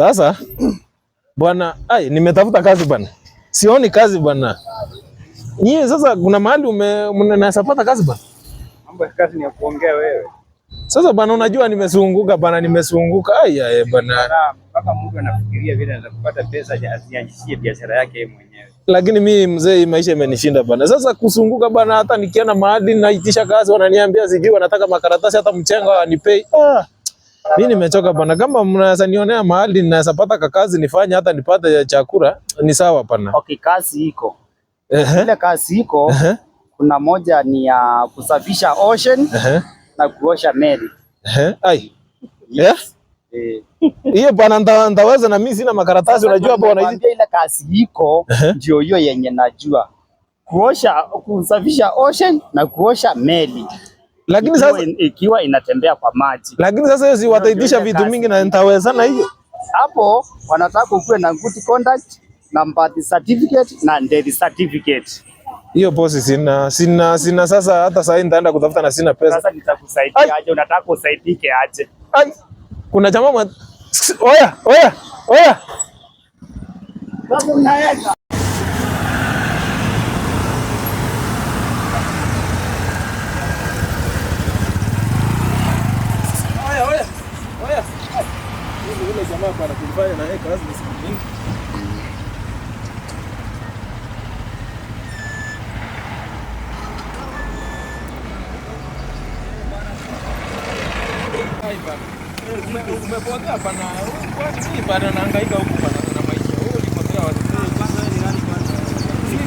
Sasa bwana, ai, nimetafuta kazi bwana, sioni kazi bwana. Nyie sasa kuna mahali mnasapata kazi bwana? Mambo ya kazi ni ya kuongea wewe. Sasa bwana, unajua nimesunguka bwana, nimesunguka ai, ai bwana, mpaka mtu anafikiria vile anaweza kupata pesa ajianzishie biashara yake yeye mwenyewe. Lakini mimi mzee, maisha imenishinda bwana. Sasa kusunguka bwana, hata nikienda mahali naitisha kazi wananiambia sijui wanataka makaratasi hata mchenga wanipei. Ah. Mimi nimechoka bana, kama mnaweza nionea mahali ninaweza pata kazi nifanye hata nipate chakula ni sawa bana. Okay, kazi iko. Uh-huh. Ile kazi iko. Uh-huh. Kuna moja ni ya uh, kusafisha ocean. Uh-huh. Na kuosha meli. Uh-huh. Ai. Yes. Yeah. Eh. Hiyo bana ndaweza na mimi sina makaratasi unajua hapo wanaizi ile kazi iko ndio hiyo yenye najua. Kuosha kusafisha ocean na kuosha meli. Lakini sasa ikiwa inatembea kwa maji, lakini sasa hiyo si wataitisha vitu mingi na nitawezana hiyo hapo. Wanataka ukuwe na good conduct na birth certificate na death certificate. Hiyo bosi, sina sina sina. Sasa hata sasa nitaenda kutafuta na sina pesa. Sasa nitakusaidia aje? Unataka usaidike aje? Kuna jamaa oya oya oya nilifanya na yeye kazi siku nyingi.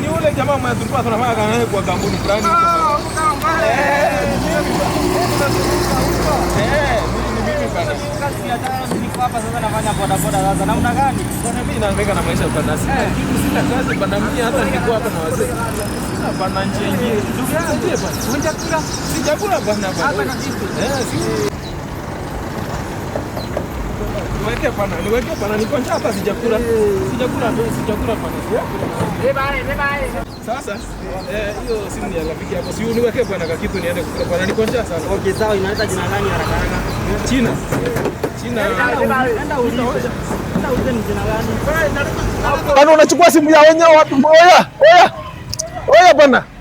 Ni ule jamaa mwenye tulikuwa tunafanya naye kwa kampuni fulani. hapa sasa nafanya boda boda sasa namna gani? Bwana mimi nahangaika na maisha bwana. Sina eh. sina kazi bwana mimi hata nilikuwa hapa na wazee. Sina bwana njia nyingine. Ndugu yangu bwana? Unakula? Sijakula bwana bwana. Hata na kitu. Eh, si. Niweke bwana, niweke bwana, niko njaa hapa sijakula. Sijakula ndio sijakula bwana. Eh, bye, bye. Sasa eh, hiyo simu ya rafiki hapo. Si uniweke bwana niende kukula bwana. Niko njaa sana. Okay, sawa, inaleta jina gani haraka haraka? China. Kwani unachukua simu ya wenyewe wapi? Oya, oya, oya bwana.